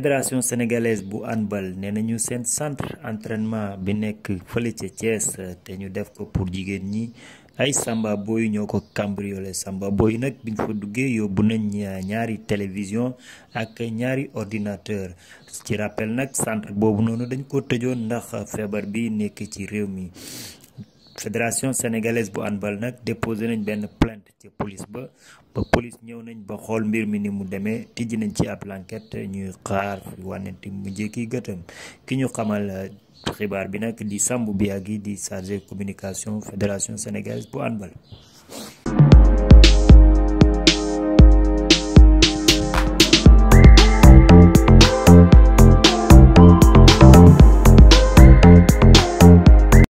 fédération sénégalaise bu handball nee nañu seen centre entraînement bi nekk fële ca te ñu def ko pour jigéen ñi ay samba booy ñoo ko cambriolé samba yi nag biñ fa duggee yóbbu nañ ñaari télévision ak ñaari ordinateur ci rappel nag centre boobu noonu dañ ko tëjoon ndax feebar bi nekk ci réew mi. fédération sénégalaise bu handball nag déposé nañ benn plainte ca police ba ba police ñëw nañ ba xool mbir mi ni mu demee tijji nañ ci ab enquête ñuy xaar wànnenti mu jékki gëtam ki ñu xamal euh, xibaar bi nag di Sambou Biagui di chargé communication fédération sénégalaise bu handball